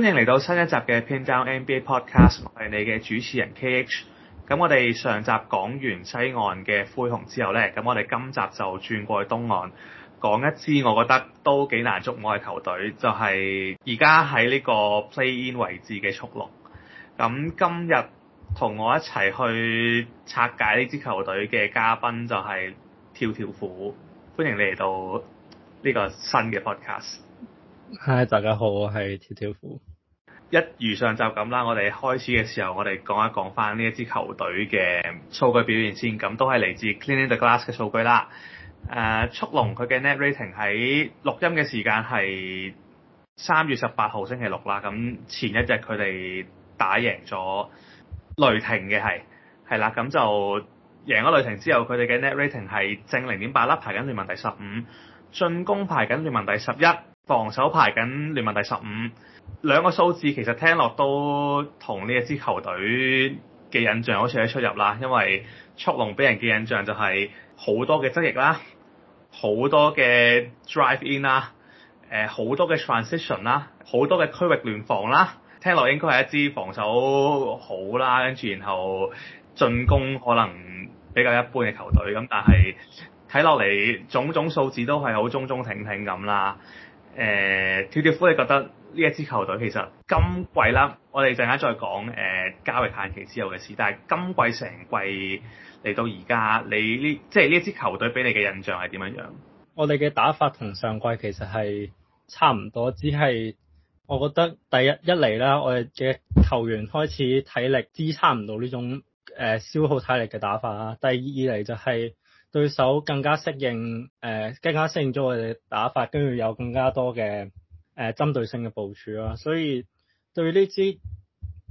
歡迎嚟到新一集嘅《Pindown NBA Podcast》，我係你嘅主持人 KH。咁我哋上集講完西岸嘅灰熊之後呢，咁我哋今集就轉過去東岸講一支我覺得都幾難捉摸嘅球隊，就係而家喺呢個 Play-In 位置嘅速龍。咁今日同我一齊去拆解呢支球隊嘅嘉賓就係跳跳虎。歡迎嚟到呢個新嘅 Podcast。Hi，大家好，我係跳跳虎。一如上就咁啦。我哋開始嘅時候，我哋講一講翻呢一支球隊嘅數據表現先。咁都係嚟自 Cleaning the Glass 嘅數據啦。誒、呃，速龍佢嘅 net rating 喺錄音嘅時間係三月十八號星期六啦。咁前一日，佢哋打贏咗雷霆嘅係係啦。咁就贏咗雷霆之後，佢哋嘅 net rating 係正零點八粒，排緊聯盟第十五，進攻排緊聯盟第十一，防守排緊聯盟第十五。兩個數字其實聽落都同呢一支球隊嘅印象好似喺出入啦，因為速龍俾人嘅印象就係好多嘅側翼啦，好多嘅 drive in 啦，誒、呃、好多嘅 transition 啦，好多嘅區域聯防啦，聽落應該係一支防守好啦，跟住然後進攻可能比較一般嘅球隊，咁但係睇落嚟種種數字都係好中中挺挺，咁啦，誒、呃、跳跳虎你覺得？呢一支球隊其實今季啦，我哋陣間再講誒、呃、交易限期之後嘅事。但係今季成季嚟到而家，你呢即係呢支球隊俾你嘅印象係點樣樣？我哋嘅打法同上季其實係差唔多，只係我覺得第一一嚟啦，我哋嘅球員開始體力支撐唔到呢種誒消耗體力嘅打法啦。第二嚟就係對手更加適應誒、呃，更加適應咗我哋打法，跟住有更加多嘅。誒針對性嘅部署啦，所以對呢支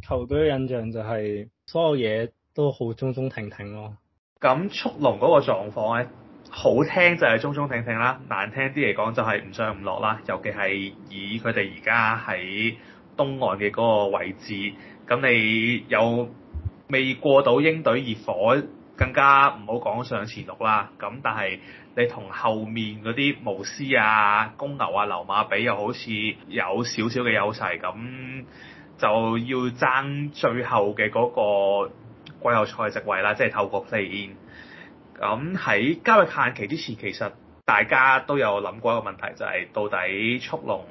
球隊嘅印象就係、是、所有嘢都好中中挺挺咯。咁速龍嗰個狀況咧，好聽就係中中挺挺啦，難聽啲嚟講就係唔上唔落啦。尤其係以佢哋而家喺東岸嘅嗰個位置，咁你有未過到鷹隊熱火？更加唔好講上前六啦，咁但係你同後面嗰啲巫師啊、公牛啊、溜馬比又好似有少少嘅優勢，咁就要爭最後嘅嗰個季後賽席位啦，即係透過 play in。咁喺交易限期之前，其實大家都有諗過一個問題，就係到底速龍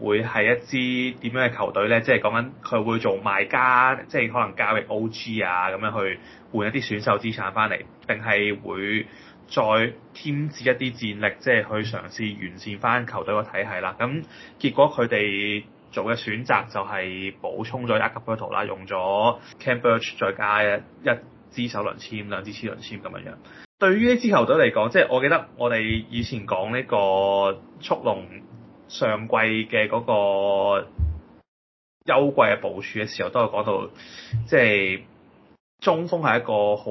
會係一支點樣嘅球隊咧？即係講緊佢會做賣家，即係可能交易 OG 啊咁樣去。換一啲選秀資產翻嚟，定係會再添置一啲戰力，即係去嘗試完善翻球隊個體系啦。咁結果佢哋做嘅選擇就係補充咗阿吉布圖啦，用咗 Khem Birch 再加一一支首輪籤，兩支次輪籤咁嘅樣。對於呢支球隊嚟講，即係我記得我哋以前講呢個速龍上季嘅嗰個優貴嘅部署嘅時候，都有講到即係。就是中鋒係一個好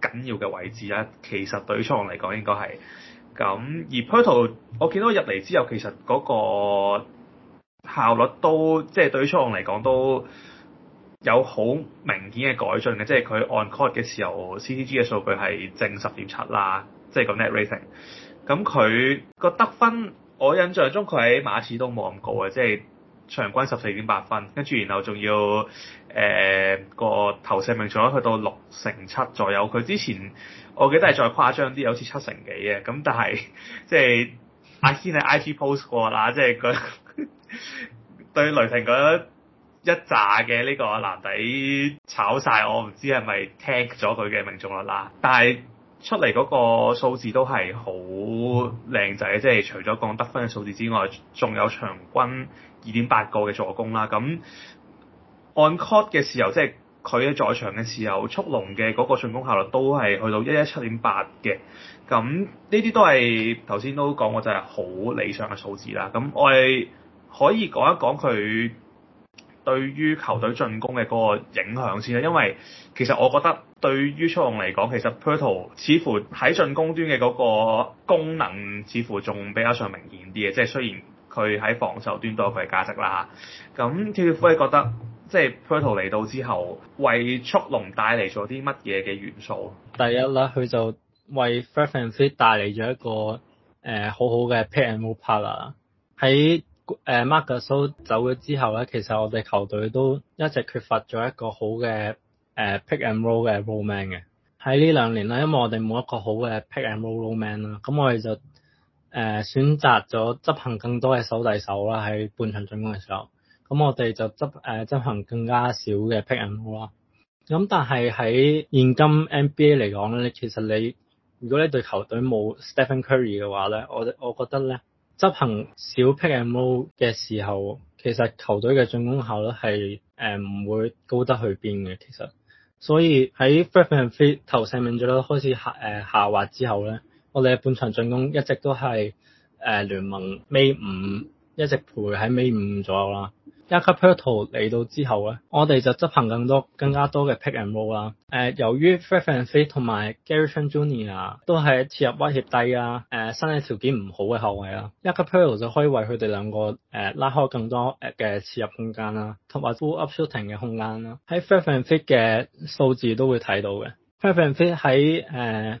緊要嘅位置啦，其實對於初創嚟講應該係咁，而 Poeltl 我見到佢入嚟之後，其實嗰個效率都即係對於初創嚟講都有好明顯嘅改進嘅，即係佢按 court 嘅時候，CTG 嘅數據係正十點七啦，即係個 net rating。咁佢個得分，我印象中佢喺馬刺都冇咁高啊，即係。場均十四點八分，跟住然後仲要誒、呃、個投射命中率去到六成七左右。佢之前我記得係再誇張啲，好似七成幾嘅咁。但係即係阿軒喺 I G post 過啦，即係佢 對雷霆嗰一揸嘅呢個籃底炒晒。我唔知係咪 take 咗佢嘅命中率啦。但係出嚟嗰個數字都係好靚仔，即係除咗講得分嘅數字之外，仲有場均。二點八個嘅助攻啦，咁 on court 嘅時候，即係佢喺在場嘅時候，速龍嘅嗰個進攻效率都係去到一一七點八嘅，咁呢啲都係頭先都講過就係好理想嘅數字啦。咁我哋可以講一講佢對於球隊進攻嘅嗰個影響先啦，因為其實我覺得對於速龍嚟講，其實 Poeltl 似乎喺進攻端嘅嗰個功能似乎仲比較上明顯啲嘅，即係雖然。佢喺防守端都有佢嘅價值啦嚇，咁跳跳虎你覺得即係 Poeltl 嚟到之後，為速龍帶嚟咗啲乜嘢嘅元素？第一啦，佢就為 Fred VanVleet 帶嚟咗一個誒、呃、好好嘅 Pick and Roll partner。喺誒 Marc Gasol 走咗之後咧，其實我哋球隊都一直缺乏咗一個好嘅誒、呃、Pick and Roll 嘅 Roll Man 嘅。喺呢兩年啦，因為我哋冇一個好嘅 Pick and Roll Roll Man 啦，咁我哋就。誒、嗯、選擇咗執行更多嘅手遞手啦，喺半場進攻嘅時候，咁我哋就執誒、呃、執行更加少嘅 pick and roll 啦。咁、嗯、但係喺現今 NBA 嚟講咧，其實你如果你對球隊冇 Stephen Curry 嘅話咧，我我覺得咧執行少 pick and roll 嘅時候，其實球隊嘅進攻效率係誒唔會高得去邊嘅。其實，所以喺 Stephen Curry 投射命中率開始下誒下滑之後咧。我哋嘅半場進攻一直都係誒、呃、聯盟尾五，一直陪喺尾五左右啦。Jakob Poeltl 嚟到之後咧，我哋就執行更多更加多嘅 pick and roll 啦。誒、呃，由於 Fred VanVleet 同埋 Gary Trent Jr 啊，都係切入威脅低啊，誒身體條件唔好嘅後衞啦，Jakob Poeltl 就可以為佢哋兩個誒、呃、拉開更多嘅切入空間啦，同埋 full up shooting 嘅空間啦。喺 Fred VanVleet 嘅數字都會睇到嘅、er、Fred VanVleet 喺誒。呃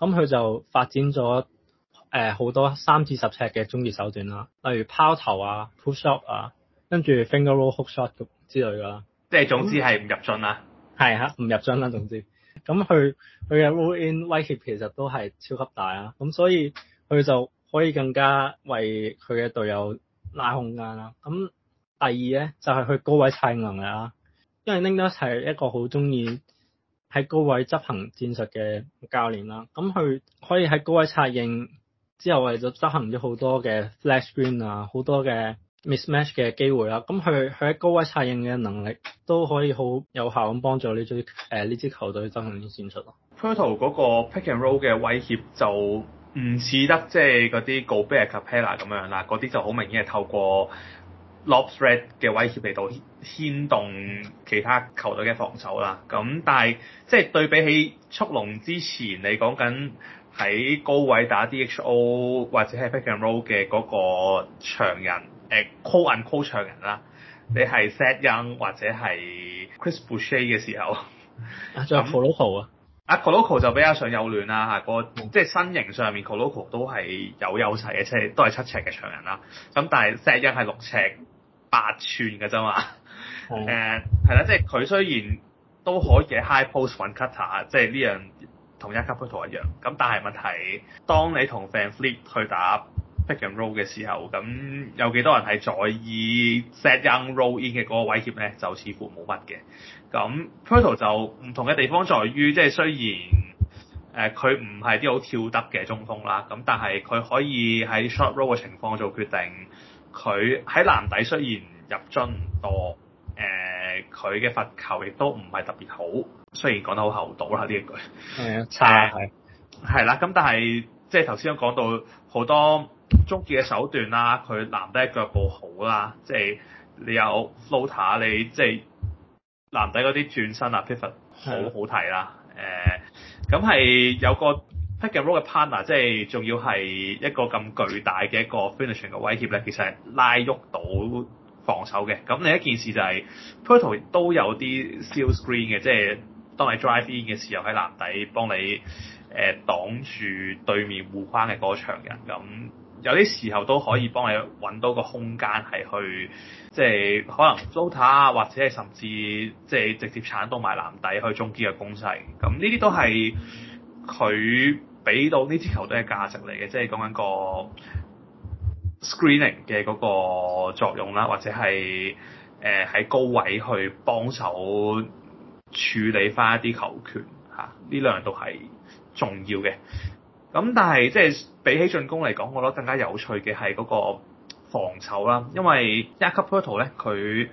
咁佢就發展咗誒好多三至十尺嘅終結手段啦，例如拋投啊、push shot 啊，跟住 finger roll hook shot 之類噶啦。即係總之係唔入樽啦。係嚇、嗯，唔、啊、入樽啦總之。咁佢佢嘅 roll in 威脅其實都係超級大啊，咁所以佢就可以更加為佢嘅隊友拉空間啦。咁第二咧就係、是、佢高位策應啊，因為 Ningus 係一個好中意。喺高位執行戰術嘅教練啦，咁佢可以喺高位策應之後，就執行咗好多嘅 flash screen 啊，好多嘅 mismatch 嘅機會啦。咁佢佢喺高位策應嘅能力都可以好有效咁幫助呢支誒呢、呃、支球隊去執行啲戰術。Poeltl 嗰個 pick and roll 嘅威脅就唔似得即係嗰啲 Gobert、Capela 咁樣啦，嗰啲就好明顯係透過。lob threat 嘅威脅嚟到牽動其他球隊嘅防守啦，咁但係即係對比起速龍之前你講緊喺高位打 DHO 或者係 pick and roll 嘅嗰個長人，誒 call and call 長人啦，你係 Thad Young 或者係 Chris Boucher 嘅時候，啊仲有 Koloko 啊，啊、嗯、啊 Koloko 就比較上幼嫩啦嚇，那個即係身形上面 Koloko 都係有優勢嘅，即七都係七尺嘅長人啦，咁但係 Thad Young 係六尺。八吋嘅啫嘛，誒係啦，即係佢雖然都可以喺 high post 揾 cutter 即係呢樣同一級 Poeltl 一樣。咁但係問題，當你同 VanVleet 去打 pick and roll 嘅時候，咁有幾多人係在意 set young roll in 嘅嗰個威脅咧？就似乎冇乜嘅。咁 Poeltl 就唔同嘅地方在於，即係雖然誒佢唔係啲好跳得嘅中鋒啦，咁但係佢可以喺 short roll 嘅情況做決定。佢喺籃底雖然入樽唔多，誒佢嘅罰球亦都唔係特別好，雖然講得好厚道啦呢一句，係啊 但，差係係啦，咁但係即係頭先講到好多終結嘅手段啦，佢籃底嘅腳步好啦，即係你有 floater 你即係籃底嗰啲轉身啊 pivot 好好睇啦，誒咁係有個。Pick and roll 嘅 partner 即係仲要係一個咁巨大嘅一個 finishing 嘅威脅咧，其實係拉喐到防守嘅。咁另一件事就係 Poeltl 都有啲 seal screen 嘅，即係當你 drive in 嘅時候喺籃底幫你誒、呃、擋住對面護框嘅嗰場人。咁有啲時候都可以幫你揾到個空間係去，即係可能 floater 啊，或者係甚至即係直接鏟到埋籃底去終結嘅攻勢，咁呢啲都係佢俾到呢支球隊嘅價值嚟嘅，即係講緊個 screening 嘅嗰個作用啦，或者係誒喺高位去幫手處理翻一啲球權嚇，呢兩樣都係重要嘅。咁但係即係比起進攻嚟講，我覺得更加有趣嘅係嗰個防守啦，因為 Jakob Poeltl 咧佢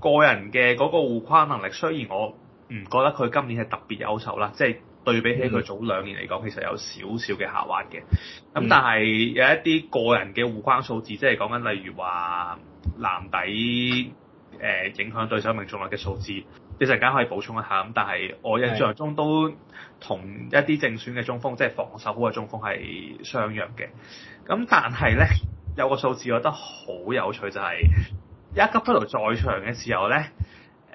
個人嘅嗰個護框能力，雖然我唔覺得佢今年係特別優秀啦，即係。對比起佢早兩年嚟講，其實有少少嘅下滑嘅。咁、嗯、但係有一啲個人嘅互關數字，即係講緊例如話籃底誒影響對手命中率嘅數字，你陣間可以補充一下。咁但係我印象中都同一啲正選嘅中鋒，的即係防守好嘅中鋒係相若嘅。咁但係咧有個數字我覺得好有趣，就是，就係一級布魯在場嘅時候咧。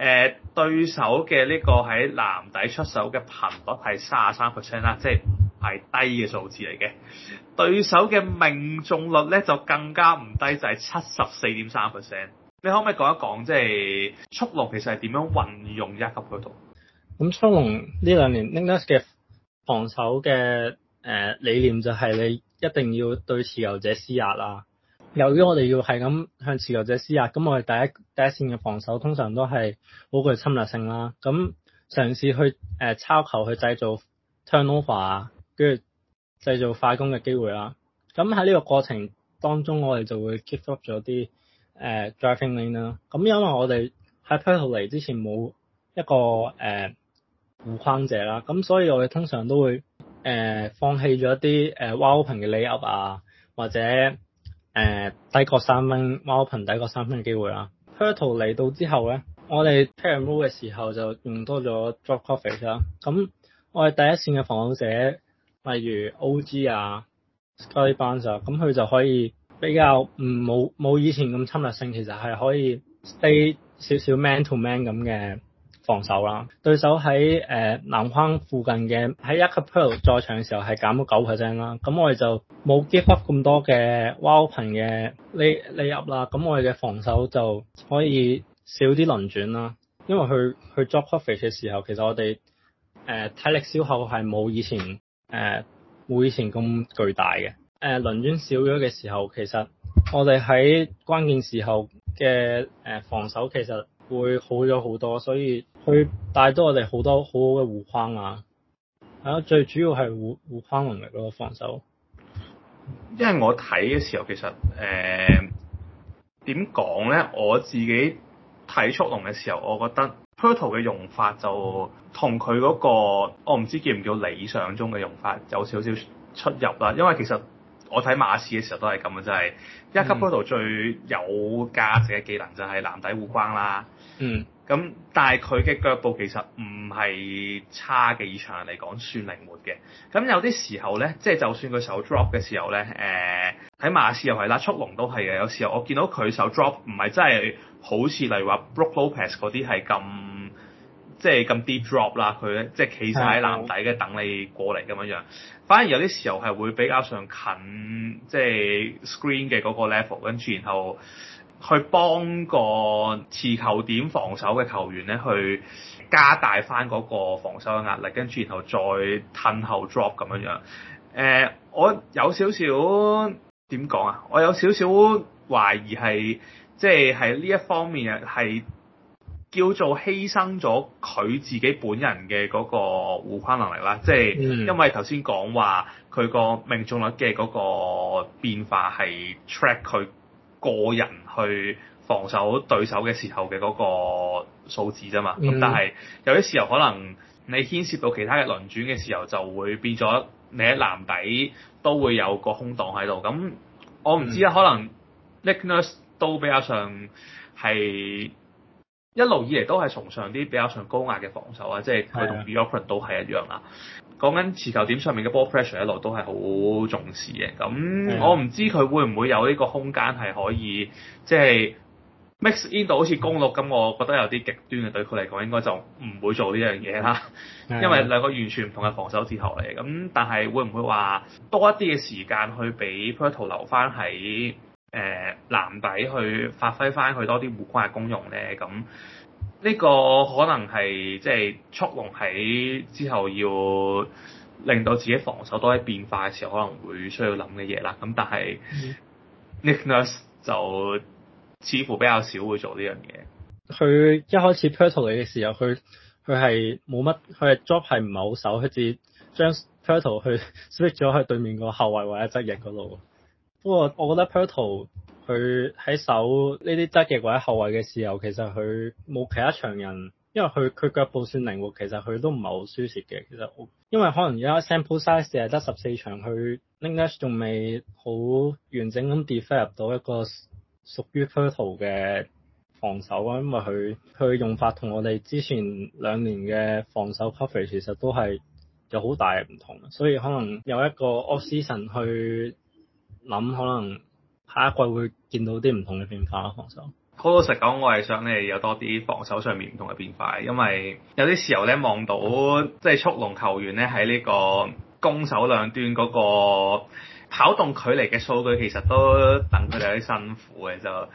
誒對手嘅呢個喺籃底出手嘅頻率係三十三 percent 啦，即係唔係低嘅數字嚟嘅。對手嘅命中率咧就更加唔低，就係七十四點三 percent。你可唔可以講一講，即係速龍其實係點樣運用一家喺度？咁速龍呢兩年 Nick Nurse 嘅防守嘅誒理念就係你一定要對持有者施壓啦。由於我哋要係咁向持球者施壓，咁我哋第一第一線嘅防守通常都係好具侵略性啦。咁嘗試去誒、呃、抄球去製造 turnover 啊，跟住製造快攻嘅機會啦。咁喺呢個過程當中，我哋就會 keep up 咗啲誒 driving lane 啦。咁因為我哋喺 pass 到嚟之前冇一個誒護、呃、框者啦，咁所以我哋通常都會誒、呃、放棄咗一啲誒 w i d open 嘅理 a u t 啊，或者。誒、uh, 低過三分，opening 低過三分嘅機會啦。Poeltl 嚟到之後咧，我哋 pick and roll 嘅時候就用多咗 drop coverage 啦。咁我哋第一線嘅防守者，例如 OG 啊、Scottie Barnes 啊，咁佢就可以比較唔冇冇以前咁侵略性，其實係可以 stay 少少 man to man 咁嘅，防守啦，對手喺誒、呃、籃框附近嘅喺 Poeltl 在場嘅時候係減咗九 percent 啦，咁、嗯、我哋就冇 give up 咁多嘅 wild p i n 嘅利利入啦，咁、嗯、我哋嘅防守就可以少啲輪轉啦，因為去去 drop coverage 嘅時候，其實我哋誒、呃、體力消耗係冇以前誒冇、呃、以前咁巨大嘅，誒、呃、輪轉少咗嘅時候，其實我哋喺關鍵時候嘅誒、呃、防守其實會好咗好多，所以。佢帶我很多我哋好多好好嘅護框啊！係啊，最主要係護護框能力咯，防守。因為我睇嘅時候，其實誒點講咧，我自己睇速龍嘅時候，我覺得 Poeltl 嘅用法就同佢嗰個，我唔知叫唔叫理想中嘅用法有少少出入啦。因為其實我睇馬刺嘅時候都係咁嘅，就係、是。一級 m o 最有價值嘅技能就係籃底護框啦。嗯，咁但係佢嘅腳步其實唔係差嘅，以場上嚟講算靈活嘅。咁有啲時候咧，即係就算佢手 drop 嘅時候咧，誒、呃、喺馬刺又係啦，速龍都係嘅。有時候我見到佢手 drop 唔係真係好似例如話 Brook Lopez 嗰啲係咁。即係咁 deep drop 啦，佢咧即係企晒喺籃底嘅等你過嚟咁樣樣。反而有啲時候係會比較上近，即係 screen 嘅嗰個 level，跟住然後去幫個持球點防守嘅球員咧，去加大翻嗰個防守嘅壓力，跟住然後再褪後 drop 咁樣樣。誒、呃，我有少少點講啊，我有少少懷疑係即係喺呢一方面係。叫做犧牲咗佢自己本人嘅嗰個護框能力啦，即係因為頭先講話，佢個命中率嘅嗰個變化係 track 佢個人去防守對手嘅時候嘅嗰個數字啫嘛。咁、嗯、但係有啲時候可能你牽涉到其他嘅輪轉嘅時候，就會變咗你喺籃底都會有個空檔喺度。咁我唔知啊，嗯、可能 Nick Nurse 都比較上係。一路以嚟都係崇尚啲比較上高壓嘅防守啊，即係佢同 New York 都係一樣啦、啊。講緊持球點上面嘅 ball pressure，一路都係好重視嘅。咁、嗯、我唔知佢會唔會有呢個空間係可以即係 mix into 好似公鹿咁，我覺得有啲極端嘅，對佢嚟講應該就唔會做呢樣嘢啦。因為兩個完全唔同嘅防守哲學嚟，咁、嗯、但係會唔會話多一啲嘅時間去俾 Poeltl 留翻喺誒籃底去發揮翻佢多啲護框嘅功用咧，咁呢個可能係即係速龍喺之後要令到自己防守多啲變化嘅時候，可能會需要諗嘅嘢啦。咁但係 Nick Nurse、嗯、就似乎比較少會做呢樣嘢。佢一開始 Poeltl 嘅時候，佢佢係冇乜，佢係 job 係唔係好手，佢直接將 Poeltl 去 switch 咗去對面個後衞或者側翼嗰度。不過我覺得 Poeltl 佢喺守呢啲側翼或者後衞嘅時候，其實佢冇其他場人，因為佢佢腳步算靈活，其實佢都唔係好輸蝕嘅。其實我，因為可能而家 sample size 係得十四場，佢 linkage 仲未好完整咁 defend 到一個屬於 Poeltl 嘅防守啊，因為佢佢用法同我哋之前兩年嘅防守 cover 其實都係有好大嘅唔同，所以可能有一個 option 去。諗可能下一季會見到啲唔同嘅變化咯，防守。好老實講，我係想你有多啲防守上面唔同嘅變化，因為有啲時候咧望到即係速龍球員咧喺呢個攻守兩端嗰、嗰個。跑動距離嘅數據其實都等佢哋有啲辛苦嘅，就誒，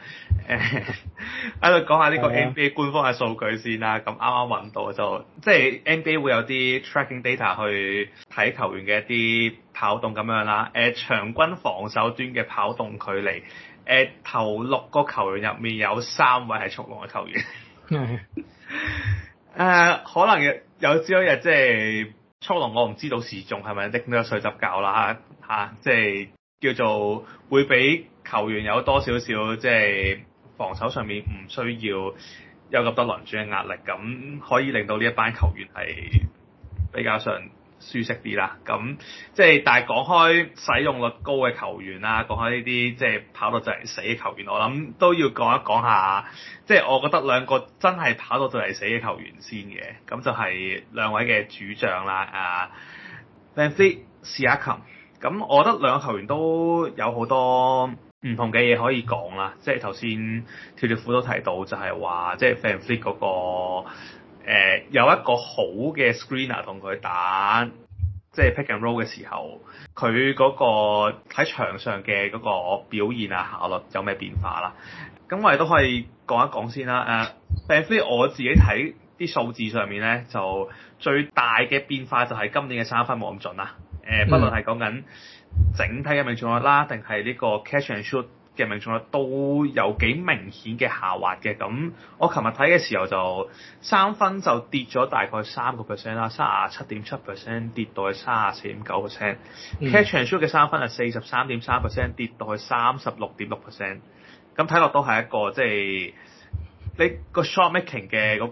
喺度講下呢個 NBA 官方嘅數據先啦。咁啱啱揾到就即係、就是、NBA 會有啲 tracking data 去睇球員嘅一啲跑動咁樣啦。誒、呃、場均防守端嘅跑動距離，誒、呃、頭六個球員入面有三位係速龍嘅球員。誒，可能有有朝一日即係。速龍，龍我唔知道時鐘係咪拎呢一水執教啦吓，即、啊、係、就是、叫做會俾球員有多少少即係、就是，防守上面唔需要有咁多輪轉嘅壓力，咁可以令到呢一班球員係比較上。舒適啲啦，咁即係但係講開使用率高嘅球員啦，講開呢啲即係跑到就嚟死嘅球員，我諗都要講一講一下。即係我覺得兩個真係跑到就嚟死嘅球員先嘅，咁就係兩位嘅主將啦。阿 VanVleet、Siakam，咁我覺得兩個球員都有好多唔同嘅嘢可以講啦。即係頭先跳跳虎都提到，就係話即係 VanVleet 嗰個。誒、呃、有一個好嘅 screener 同佢打，即係 pick and roll 嘅時候，佢嗰個喺場上嘅嗰個表現啊、效率有咩變化啦、啊？咁我哋都可以講一講先啦、啊。誒、呃，並非、嗯、我自己睇啲數字上面咧，就最大嘅變化就係今年嘅三分冇咁準啦、啊。誒、呃，無論係講緊整體嘅命中率啦，定係呢個 catch and shoot 嘅命中率都有幾明顯嘅下滑嘅，咁我琴日睇嘅時候就三分就跌咗大概三個 percent 啦，卅七點七 percent 跌到去卅四點九 percent，catch and shoot 嘅三分係四十三點三 percent 跌到去三十六點六 percent，咁睇落都係一個即係、就是、你個 shot making 嘅嗰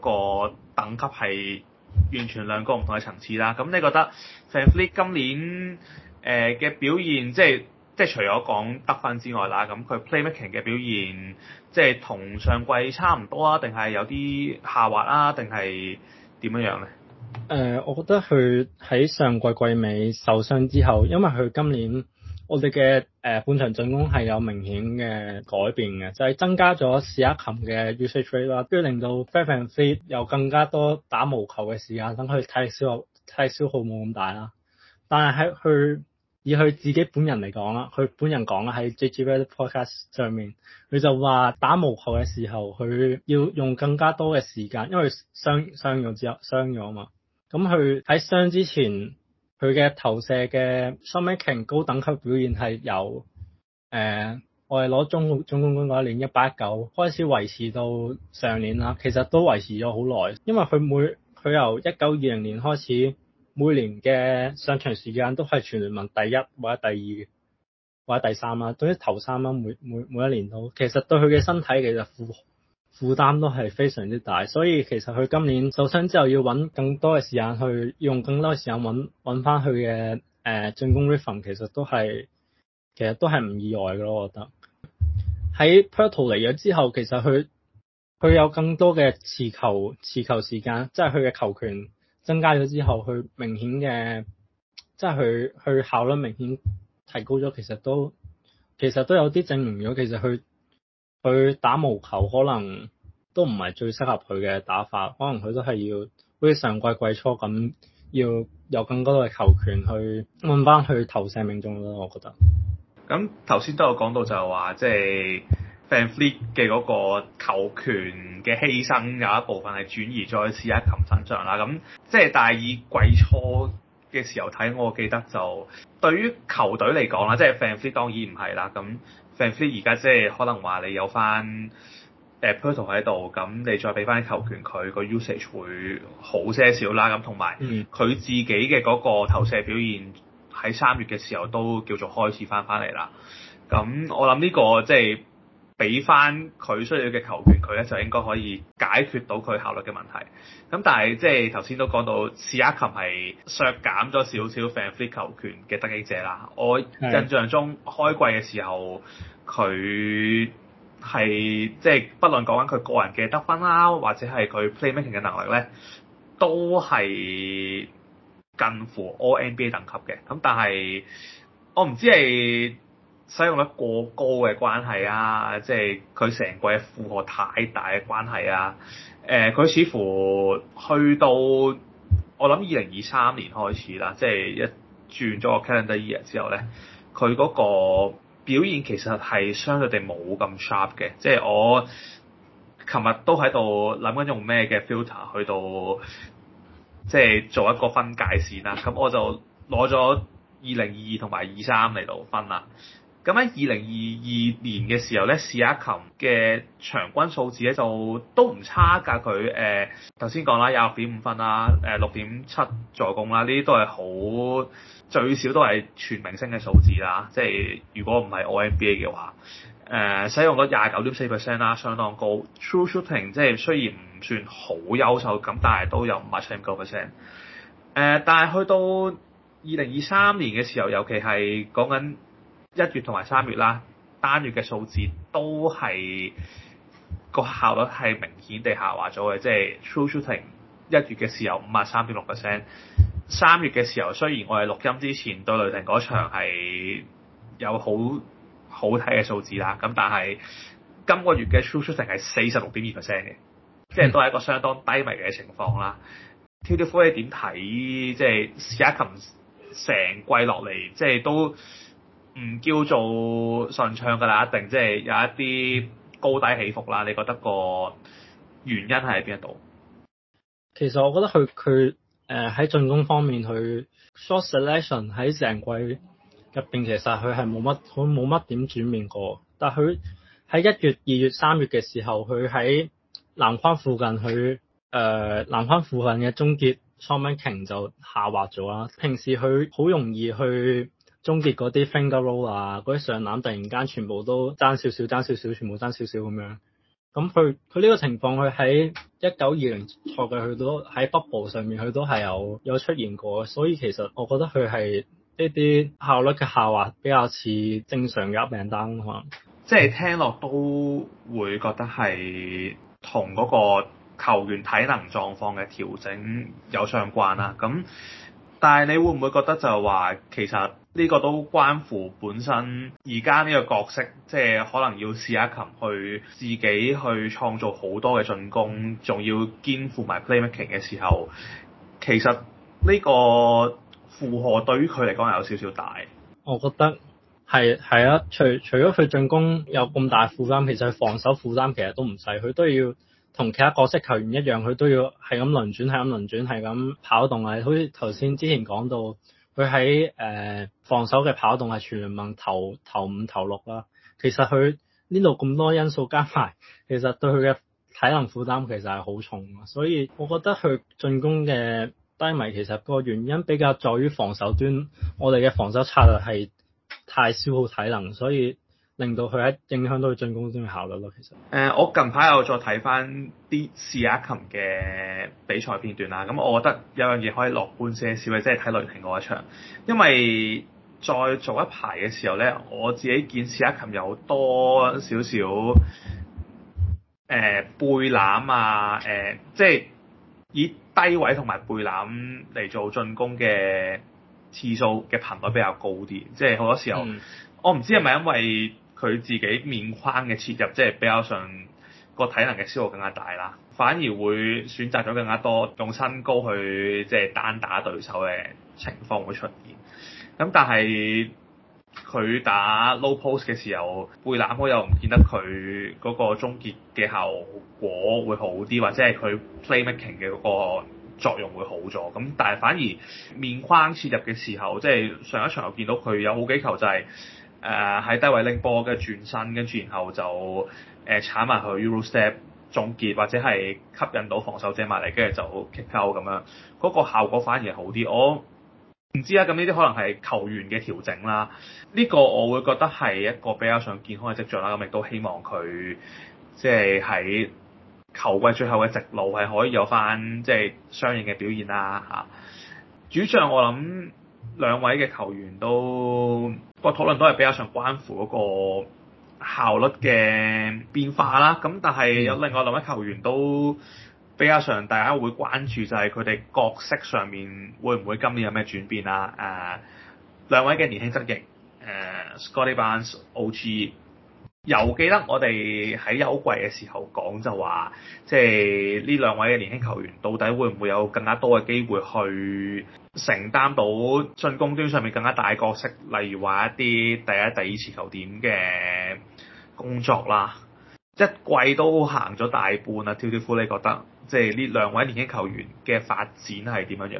個等級係完全兩個唔同嘅層次啦。咁你覺得 VanVleet 今年誒嘅、呃、表現即係？就是即係除咗講得分之外啦，咁佢 playmaking 嘅表現，即係同上季差唔多啊，定係有啲下滑啊，定係點樣樣咧？誒、呃，我覺得佢喺上季季尾受傷之後，因為佢今年我哋嘅誒半場進攻係有明顯嘅改變嘅，就係、是、增加咗 Siakam 嘅 usage rate 啦，跟住令到 VanVleet 有更加多打無球嘅時間，等佢體力消耗體力消耗冇咁大啦。但係喺佢。以佢自己本人嚟講啦，佢本人講啦喺 g g 名 podcast 上面，佢就話打無球嘅時候，佢要用更加多嘅時間，因為傷傷咗之後傷咗啊嘛。咁佢喺傷之前，佢嘅投射嘅 shot making 高等級表現係由誒、呃，我哋攞中總冠軍嗰一年一八一九開始維持到上年啦，其實都維持咗好耐，因為佢每佢由一九二零年開始。每年嘅上場時間都係全聯盟第一或者第二，或者第三啦。對於頭三啦，每每每一年都，其實對佢嘅身體其實負負擔都係非常之大。所以其實佢今年受傷之後，要揾更多嘅時間去用更多嘅時間揾揾翻佢嘅誒進攻 rhythm，其實都係其實都係唔意外嘅咯。我覺得喺 Poeltl 嚟咗之後，其實佢佢有更多嘅持球持球時間，即係佢嘅球權。增加咗之後，佢明顯嘅即係佢佢效率明顯提高咗。其實都其實都有啲證明咗，其實佢佢打無球可能都唔係最適合佢嘅打法，可能佢都係要好似上季季初咁，要有更多嘅球權去換翻去投射命中咯。我覺得咁頭先都有講到就，就係話即係。FanFleet 嘅嗰個球權嘅犧牲有一部分係轉移再施亞琴身上啦，咁即係但係以季初嘅時候睇，我記得就對於球隊嚟講啦，即係 FanFleet 當然唔係啦，咁 FanFleet 而家即係可能話你有翻誒 Poeltl 喺度，咁、uh, 你再俾翻啲球權佢，個 usage 會好些少啦，咁同埋佢自己嘅嗰個投射表現喺三月嘅時候都叫做開始翻翻嚟啦，咁我諗呢個即係。俾翻佢需要嘅球權，佢咧就應該可以解決到佢效率嘅問題。咁但係即係頭先都講到，Siakam 係削減咗少少 VanVleet 球權嘅得益者啦。我印象中是開季嘅時候，佢係即係不論講緊佢個人嘅得分啦，或者係佢 playmaking 嘅能力咧，都係近乎 all NBA 等級嘅。咁但係我唔知係。使用率過高嘅關係啊，即係佢成季嘅負荷太大嘅關係啊，誒、呃，佢似乎去到我諗二零二三年開始啦，即係一轉咗個 calendar year 之後咧，佢嗰個表現其實係相對地冇咁 sharp 嘅，即係我琴日都喺度諗緊用咩嘅 filter 去到即係做一個分界線啦，咁我就攞咗二零二二同埋二三嚟到分啦。咁喺二零二二年嘅時候咧，史雅琴嘅場均數字咧就都唔差㗎，佢誒頭先講啦，廿六點五分啦，誒六點七助攻啦，呢啲都係好最少都係全明星嘅數字啦，即係如果唔係 All NBA 嘅話，誒、呃、使用率廿九點四 percent 啦，相當高。True Shooting 即係雖然唔算好優秀咁，但係都有五啊七點九 percent。誒、呃，但係去到二零二三年嘅時候，尤其係講緊，一月同埋三月啦，單月嘅數字都係個效率係明顯地下滑咗嘅，即係 true shooting 一月嘅時候五啊三點六 percent，三月嘅時候雖然我哋錄音之前對雷霆嗰場係有好好睇嘅數字啦，咁但係今個月嘅 true shooting 係四十六點二 percent 嘅，即係都係一個相當低迷嘅情況啦。跳跳虎點睇，即係 Siakam 成季落嚟，即係都。唔叫做順暢㗎啦，一定即係有一啲高低起伏啦。你覺得個原因係喺邊一度？其實我覺得佢佢誒喺進攻方面，佢 shot selection 喺成季入邊，其實佢係冇乜，佢冇乜點轉變過。但係佢喺一月、二月、三月嘅時候，佢喺籃框附近，佢誒籃框附近嘅終結、三分球就下滑咗啦。平時佢好容易去。終結嗰啲 finger roll 啊，嗰啲上籃突然間全部都爭少少，爭少少，全部爭少少咁樣，咁佢佢呢個情況佢喺一九二零賽季佢都喺 bubble 上面佢都係有有出現過，所以其實我覺得佢係呢啲效率嘅下滑比較似正常嘅 up and down 可能，即係聽落都會覺得係同嗰個球員體能狀況嘅調整有相關啦、啊。咁，但係你會唔會覺得就係話其實。呢個都關乎本身而家呢個角色，即係可能要試下琴去自己去創造好多嘅進攻，仲要肩負埋 playmaking 嘅時候，其實呢個負荷對於佢嚟講係有少少大。我覺得係係啊，除除咗佢進攻有咁大負擔，其實佢防守負擔其實都唔細，佢都要同其他角色球員一樣，佢都要係咁輪轉，係咁輪轉，係咁跑動啊，好似頭先之前講到。佢喺誒防守嘅跑動係全聯盟頭頭五頭六啦，其實佢呢度咁多因素加埋，其實對佢嘅體能負擔其實係好重，所以我覺得佢進攻嘅低迷其實個原因比較在於防守端，我哋嘅防守策略係太消耗體能，所以。令到佢一影響到佢進攻先嘅效率咯，其實。誒、呃，我近排又再睇返啲史雅琴嘅比賽片段啦，咁、嗯、我覺得有樣嘢可以樂觀些少嘅，即係睇雷霆嗰一場，因為再做一排嘅時候咧，我自己見史雅琴有多少少誒、呃、背籃啊，誒、呃，即係以低位同埋背籃嚟做進攻嘅次數嘅頻率比較高啲，即係好多時候，嗯、我唔知係咪因為。佢自己面框嘅切入，即係比較上個體能嘅消耗更加大啦，反而會選擇咗更加多用身高去即係單打對手嘅情況會出現。咁但係佢打 low post 嘅時候，背籃我又唔見得佢嗰個終結嘅效果會好啲，或者係佢 playmaking 嘅嗰個作用會好咗。咁但係反而面框切入嘅時候，即係上一場我見到佢有好幾球就係、是。誒喺、呃、低位拎波，嘅住轉身，跟住然後就誒鏟、呃、埋佢 Eurostep 總結，或者係吸引到防守者埋嚟，跟住就 kick out。咁樣，嗰、那個效果反而好啲。我唔知啊，咁呢啲可能係球員嘅調整啦。呢、這個我會覺得係一個比較上健康嘅跡象啦。咁亦都希望佢即係喺球季最後嘅直路係可以有返即係相應嘅表現啦嚇。主將我諗。兩位嘅球員都個討論都係比較上關乎嗰個效率嘅變化啦，咁但係有另外兩位球員都比較上大家會關注就係佢哋角色上面會唔會今年有咩轉變啊？誒、呃，兩位嘅年輕側翼誒、呃、Scottie Barnes OG 又記得我哋喺休季嘅時候講就話，即係呢兩位嘅年輕球員到底會唔會有更加多嘅機會去承擔到進攻端上面更加大嘅角色，例如話一啲第一、第二持球點嘅工作啦。一季都行咗大半啦，跳跳虎，你覺得即係呢兩位年輕球員嘅發展係點樣樣？誒、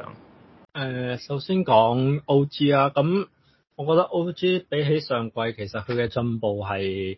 呃，首先講 O.G. 啊，咁我覺得 O.G. 比起上季其實佢嘅進步係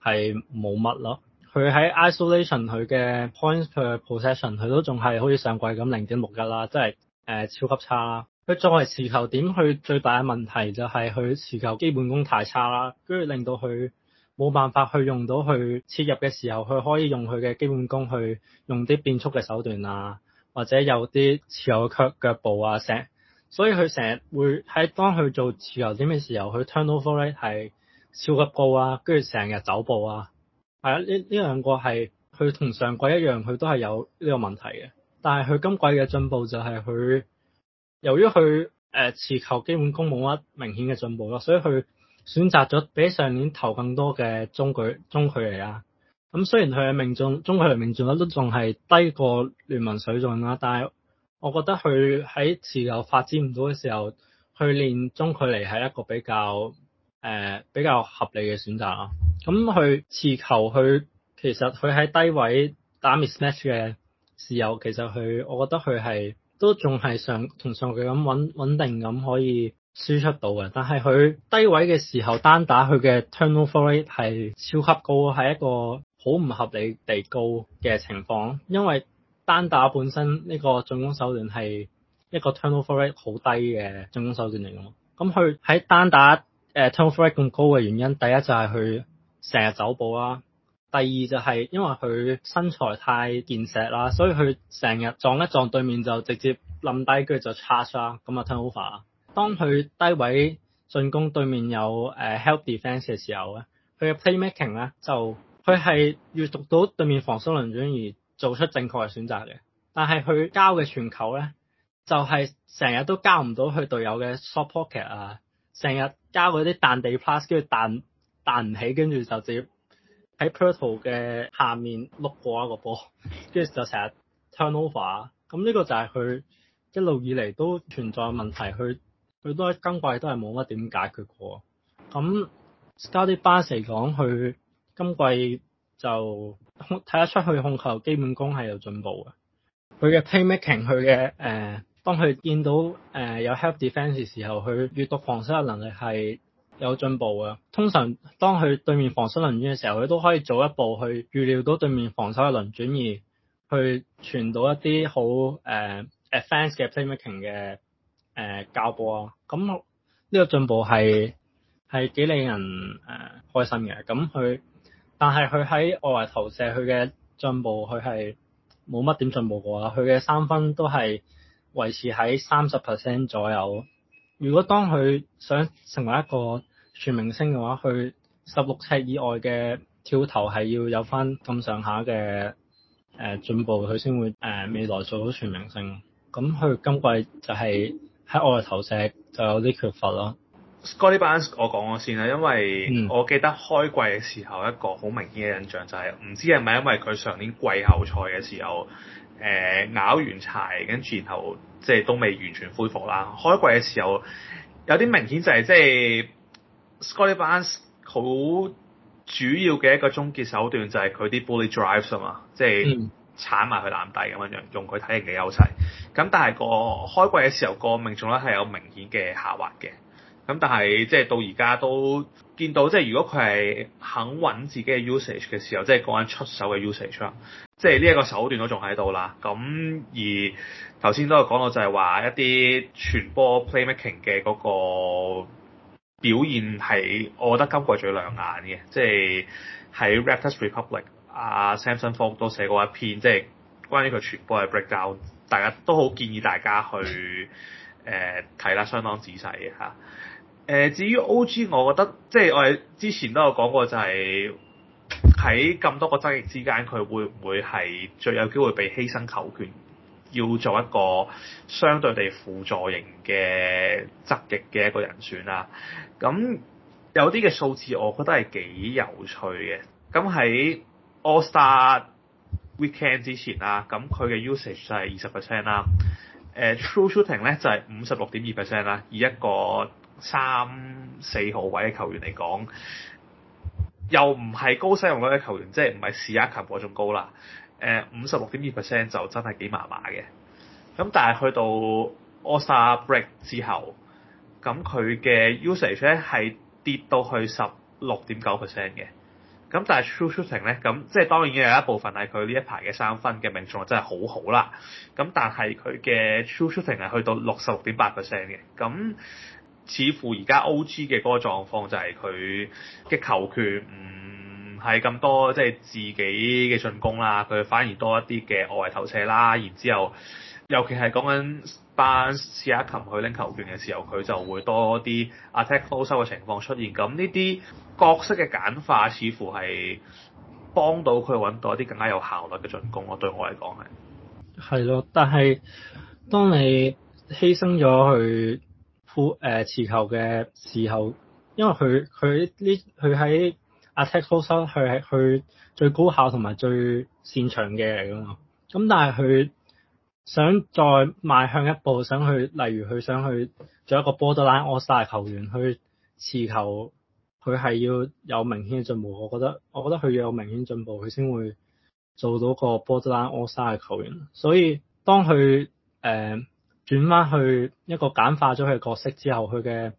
係冇乜咯。佢喺 Isolation 佢嘅 Points per possession 佢都仲係好似上季咁零點六一啦，即係。誒、嗯，超級差啦！佢作為持球點，佢最大嘅問題就係佢持球基本功太差啦，跟住令到佢冇辦法去用到佢切入嘅時候，佢可以用佢嘅基本功去用啲變速嘅手段啊，或者有啲持球腳腳步啊，成所以佢成日會喺當佢做持球點嘅時候，佢 turnover 呢係超級高啊，跟住成日走步啊，係啊，呢呢兩個係佢同上季一樣，佢都係有呢個問題嘅。但係佢今季嘅進步就係佢由於佢誒、呃、持球基本功冇乜明顯嘅進步咯，所以佢選擇咗比上年投更多嘅中距中距離啦。咁、嗯、雖然佢嘅命中中距離命中率都仲係低過聯盟水準啦，但係我覺得佢喺持球發展唔到嘅時候，去練中距離係一個比較誒、呃、比較合理嘅選擇咯。咁、嗯、佢持球佢其實佢喺低位打 miss match 嘅。持有其實佢，我覺得佢係都仲係上同上季咁穩穩定咁可以輸出到嘅，但係佢低位嘅時候單打佢嘅 turnover rate 係超級高，係一個好唔合理地高嘅情況，因為單打本身呢個進攻手段係一個 turnover rate 好低嘅進攻手段嚟嘅嘛。咁佢喺單打誒、uh, turnover rate 咁高嘅原因，第一就係佢成日走步啦。第二就係因為佢身材太健碩啦，所以佢成日撞一撞對面就直接冧低，佢就 charge 啦，咁啊 turnover 啦。當佢低位進攻對面有誒 help defense 嘅時候咧，佢嘅 playmaking 咧就佢係閲讀到對面防守輪轉而做出正確嘅選擇嘅。但係佢交嘅傳球咧就係成日都交唔到佢隊友嘅 support 啊，成日交嗰啲彈地 pass 跟住彈彈唔起，跟住就直接。喺 Poeltl 嘅下面碌過一個波，跟 住就成日 turnover。咁呢個就係佢一路以嚟都存在嘅問題，佢佢都喺今季都係冇乜點解決過。咁 Scottie Barnes 嚟講，佢今季就睇得出佢控球基本功係有進步嘅。佢嘅 playmaking，a k 佢嘅誒，當佢見到誒、呃、有 help defense 嘅時候，佢閲讀防守嘅能力係有進步啊，通常當佢對面防守輪轉嘅時候，佢都可以早一步去預料到對面防守嘅輪轉，而去傳到一啲好誒誒、uh, fans 嘅 playmaking 嘅誒、uh, 交波啊！咁呢個進步係係幾令人誒開心嘅。咁佢但係佢喺外圍投射佢嘅進步，佢係冇乜點進步過啊！佢嘅三分都係維持喺三十 percent 左右。如果當佢想成為一個全明星嘅話，佢十六尺以外嘅跳投係要有翻咁上下嘅誒進步，佢先會誒、呃、未來做到全明星。咁佢今季就係喺我嘅投射就有啲缺乏咯。Scottie Barnes，我講咗先啦，因為我記得開季嘅時候一個好明顯嘅印象就係、是、唔知係咪因為佢上年季後賽嘅時候。誒、呃、咬完柴，跟住然後，然後即係都未完全恢復啦。開季嘅時候有啲明顯就係、是、即係 Scottie Barnes 好主要嘅一個終結手段就係佢啲 bully drives 啊嘛，即係鏟埋去籃底咁樣，用佢體型嘅優勢。咁但係個開季嘅時候個命中率係有明顯嘅下滑嘅。咁但係即係到而家都見到，即係如果佢係肯揾自己嘅 usage 嘅時候，即係講緊出手嘅 usage。即係呢一個手段都仲喺度啦，咁而頭先都有講到，就係話一啲傳播 playmaking 嘅嗰個表現係，我覺得今季最亮眼嘅，即係喺 Raptors Republic，阿、啊、Samson Folk 都寫過一篇，即係關於佢傳播嘅 breakdown，大家都好建議大家去誒睇、呃、得相當仔細嚇。誒、呃，至於 OG，我覺得即係我哋之前都有講過，就係、是。喺咁多個側翼之間，佢會唔會係最有機會被犧牲球權，要做一個相對地輔助型嘅側翼嘅一個人選啦、啊？咁有啲嘅數字，我覺得係幾有趣嘅。咁喺 All Star Weekend 之前啦，咁佢嘅 usage 就係二十 percent 啦。誒、啊、true shooting 咧就係五十六點二 percent 啦。以一個三四號位嘅球員嚟講。又唔係高使用率嘅球員，即係唔係 Siakam 嗰種高啦。誒、呃，五十六點二 percent 就真係幾麻麻嘅。咁但係去到 All-Star Break 之後，咁佢嘅 usage 咧係跌到去十六點九 percent 嘅。咁但係 true shooting 咧，咁即係當然有一部分係佢呢一排嘅三分嘅命中率真係好好啦。咁但係佢嘅 true shooting 係去到六十六點八 percent 嘅。咁似乎而家 OG 嘅個狀況就係佢嘅球權唔係咁多，即係自己嘅進攻啦，佢反而多一啲嘅外圍投射啦。然之後尤其係講緊班斯亞琴去拎球權嘅時候，佢就會多啲 attack 收收嘅情況出現，咁呢啲角色嘅簡化，似乎係幫到佢揾到一啲更加有效率嘅進攻咯。對我嚟講係，係咯，但係當你犧牲咗佢。富誒，呃、持球嘅時候，因為佢佢呢，佢喺 attack possession 佢係佢最高效同埋最擅長嘅嚟㗎嘛。咁但係佢想再邁向一步，想去例如佢想去做一個 borderline all-star 球員，去持球，佢係要有明顯嘅進步。我覺得我覺得佢要有明顯進步，佢先會做到個 borderline all-star 嘅球員。所以當佢誒、呃轉翻去一個簡化咗佢嘅角色之後，佢嘅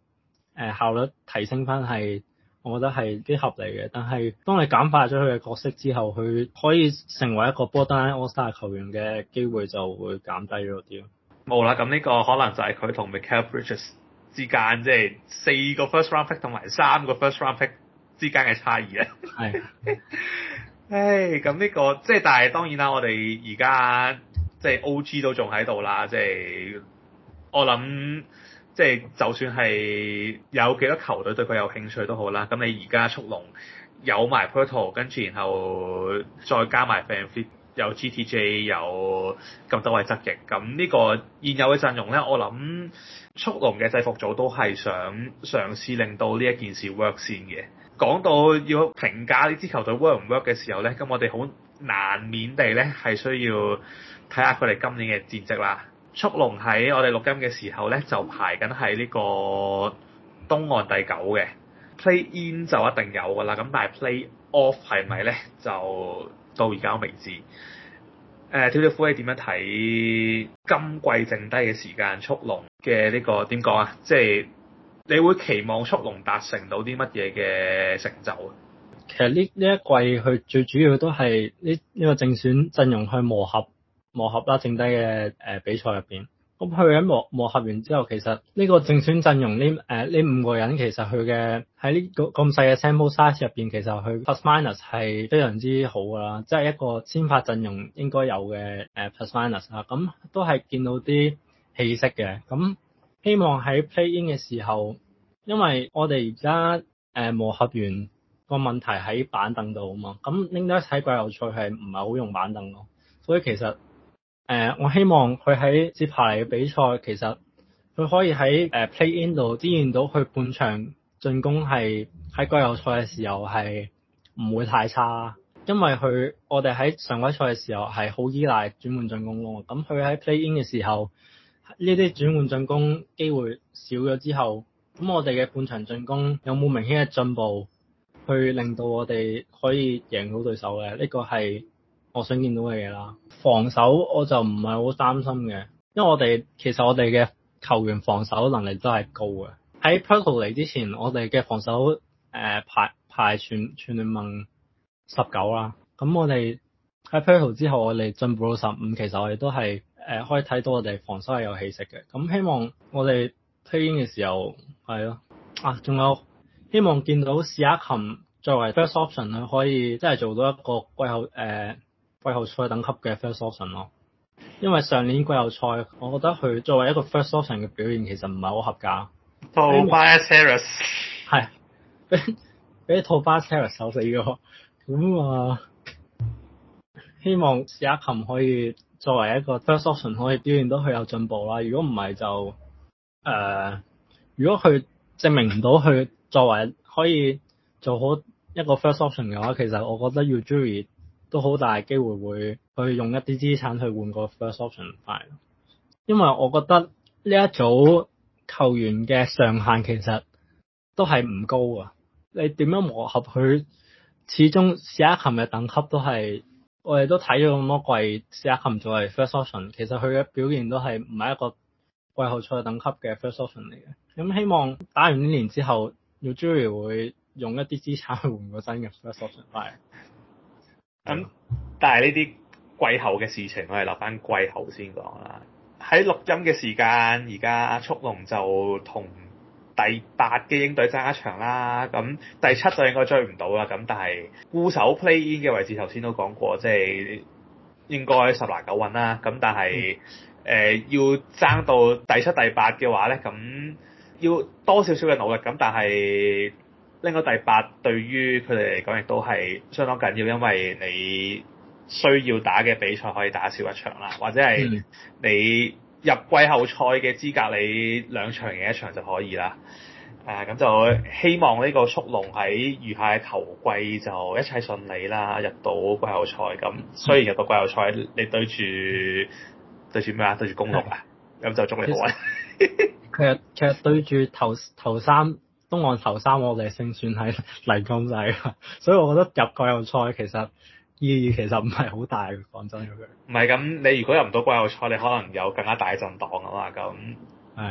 誒效率提升翻係，我覺得係幾合理嘅。但係當你簡化咗佢嘅角色之後，佢可以成為一個 borderline all star 球員嘅機會就會減低咗啲冇啦，咁呢、嗯、個可能就係佢同 Mikal Bridges 之間，即、就、係、是、四個 first round pick 同埋三個 first round pick 之間嘅差異啦。係 的。唉、哎，咁呢、這個即係但係當然啦，我哋而家。即係 O.G. 都仲喺度啦。即係我諗，即係就算係有幾多球隊對佢有興趣都好啦。咁你而家速龍有埋 Poeltl，跟住然後再加埋 VanVleet，有 GTJ 有咁多位側翼，咁呢個現有嘅陣容咧，我諗速龍嘅制服組都係想嘗試令到呢一件事 work 先嘅。講到要評價呢支球隊 work 唔 work 嘅時候咧，咁我哋好難免地咧係需要。睇下佢哋今年嘅戰績啦。速龍喺我哋錄音嘅時候咧，就排緊喺呢個東岸第九嘅。play in 就一定有噶啦。咁但係 play off 係咪咧，就到而家都未知。誒、呃，跳跳虎你點樣睇今季剩低嘅時間？速龍嘅呢個點講啊？即係你會期望速龍達成到啲乜嘢嘅成就啊？其實呢呢一季佢最主要都係呢呢個正選陣容去磨合。磨合啦，剩低嘅誒比賽入邊，咁去喺磨磨合完之後，其實呢個正選陣容呢誒呢五個人其實佢嘅喺呢個咁細嘅 sample size 入邊，其實佢 plus minus 係非常之好㗎啦，即係一個先發陣容應該有嘅誒 plus minus 啊，咁都係見到啲氣息嘅，咁、啊、希望喺 play in 嘅時候，因為我哋而家誒磨合完個問題喺板凳度啊嘛，咁拎得喺季後賽係唔係好用板凳咯，所以其實。誒，uh, 我希望佢喺接下嚟嘅比賽，其實佢可以喺誒、uh, play-in 度展現到佢半場進攻係喺季後賽嘅時候係唔會太差，因為佢我哋喺常規賽嘅時候係好依賴轉換進攻噶，咁佢喺 play-in 嘅時候呢啲轉換進攻機會少咗之後，咁我哋嘅半場進攻有冇明顯嘅進步，去令到我哋可以贏到對手嘅呢、呢個係，我想見到嘅嘢啦，防守我就唔係好擔心嘅，因為我哋其實我哋嘅球員防守能力都係高嘅。喺 Poeltl 嚟之前，我哋嘅防守誒、呃、排排全全聯盟十九啦。咁、嗯、我哋喺 Poeltl 之後，我哋進步到十五，其實我哋都係誒、呃、可以睇到我哋防守係有起色嘅。咁、嗯、希望我哋推英嘅時候係咯啊，仲有希望見到史亞琴作為 first option 佢可以真係做到一個季後誒。呃季後賽等級嘅 first option 咯，因為上年季後賽，我覺得佢作為一個 first option 嘅表現其實唔係好合格。托給 巴斯泰瑞斯係俾俾巴手死咗，咁啊 希望史亞琴可以作為一個 first option 可以表現到佢有進步啦。如果唔係就誒、呃，如果佢證明唔到佢作為可以做好一個 first option 嘅話，其實我覺得要都好大機會會去用一啲資產去換個 first option 嚟。因為我覺得呢一組球員嘅上限其實都係唔高啊！你點樣磨合佢，始終史亞琴嘅等級都係我哋都睇咗咁多季，史亞琴就係 first option，其實佢嘅表現都係唔係一個季後賽等級嘅 first option 嚟嘅。咁希望打完呢年之後，Ujiri 會用一啲資產去換個新嘅 first option 嚟。咁、嗯，但係呢啲季後嘅事情，我哋留翻季後先講啦。喺錄音嘅時間，而家阿速龍就同第八嘅英隊爭一場啦。咁、嗯、第七就應該追唔到啦。咁、嗯、但係固守 play in 嘅位置，頭先都講過，即係應該十拿九穩啦。咁、嗯、但係誒、呃，要爭到第七、第八嘅話咧，咁、嗯、要多少少嘅努力。咁、嗯、但係。呢個第八對於佢哋嚟講亦都係相當緊要，因為你需要打嘅比賽可以打少一場啦，或者係你入季後賽嘅資格，你兩場贏一場就可以啦。誒、啊，咁就希望呢個速龍喺餘下球季就一切順利啦，入到季後賽。咁雖然入到季後賽，你對住、嗯、對住咩啊？對住公鹿啊，咁、嗯、就祝你好啊！其實其實對住頭頭三。方案頭三我哋勝算係嚟咁細，所以我覺得入季後賽其實意義其實唔係好大，講真句。唔係咁，你如果入唔到季後賽，你可能有更加大嘅震盪啊嘛。咁，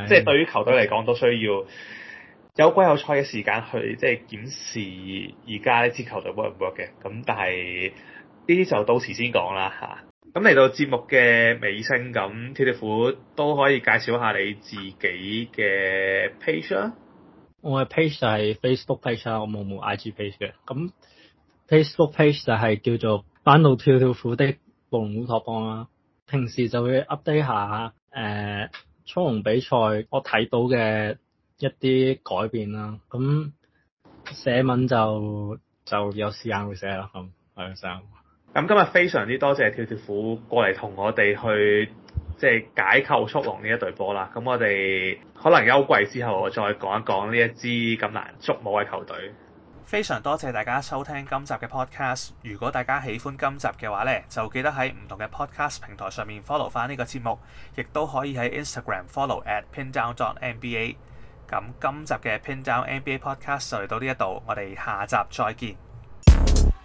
是即係對於球隊嚟講，都需要有季後賽嘅時間去即係檢視而家呢支球隊 work 唔 work 嘅。咁但係呢啲就到時先講啦嚇。咁嚟到節目嘅尾聲，咁跳跳虎都可以介紹下你自己嘅 page 啦。我嘅 page, page, page 就係 Facebook page 啦，我冇冇 IG page 嘅。咁 Facebook page 就係叫做坂道跳跳虎的暴龍烏托邦啦。平時就會 update 下誒速、呃、龍比賽我睇到嘅一啲改變啦。咁寫文就，就有時間會寫咯。咁，阿咁今日非常之多謝跳跳虎過嚟同我哋去。即係解構速龍呢一隊波啦，咁我哋可能休季之後，我再講一講呢一支咁難捉摸嘅球隊。非常多謝大家收聽今集嘅 Podcast，如果大家喜歡今集嘅話呢，就記得喺唔同嘅 Podcast 平台上面 follow 翻呢個節目，亦都可以喺 Instagram follow at pindown.nba。咁今集嘅 Pindown NBA Podcast 就嚟到呢一度，我哋下集再見。